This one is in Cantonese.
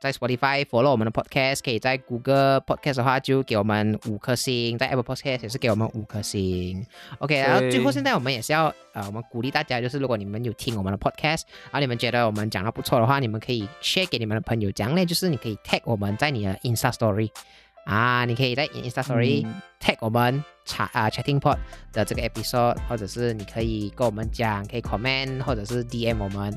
在 Spotify follow 我們的 podcast，可以在 Google podcast 的話就給我們五顆星，在 Apple Podcast 也是給我們五顆星。OK，然後最後現在我們也是要，呃，我們鼓勵大家，就是如果你們有聽我們的 podcast，然後你們覺得我們講的不錯的話，你們可以 share 給你們的朋友講咧，就是你可以 tag 我們在你的 insta story 啊，你可以在 insta story tag 我們查、嗯、啊 chatting pod 的這個 episode，或者是你可以跟我們講，可以 comment，或者是 DM 我們。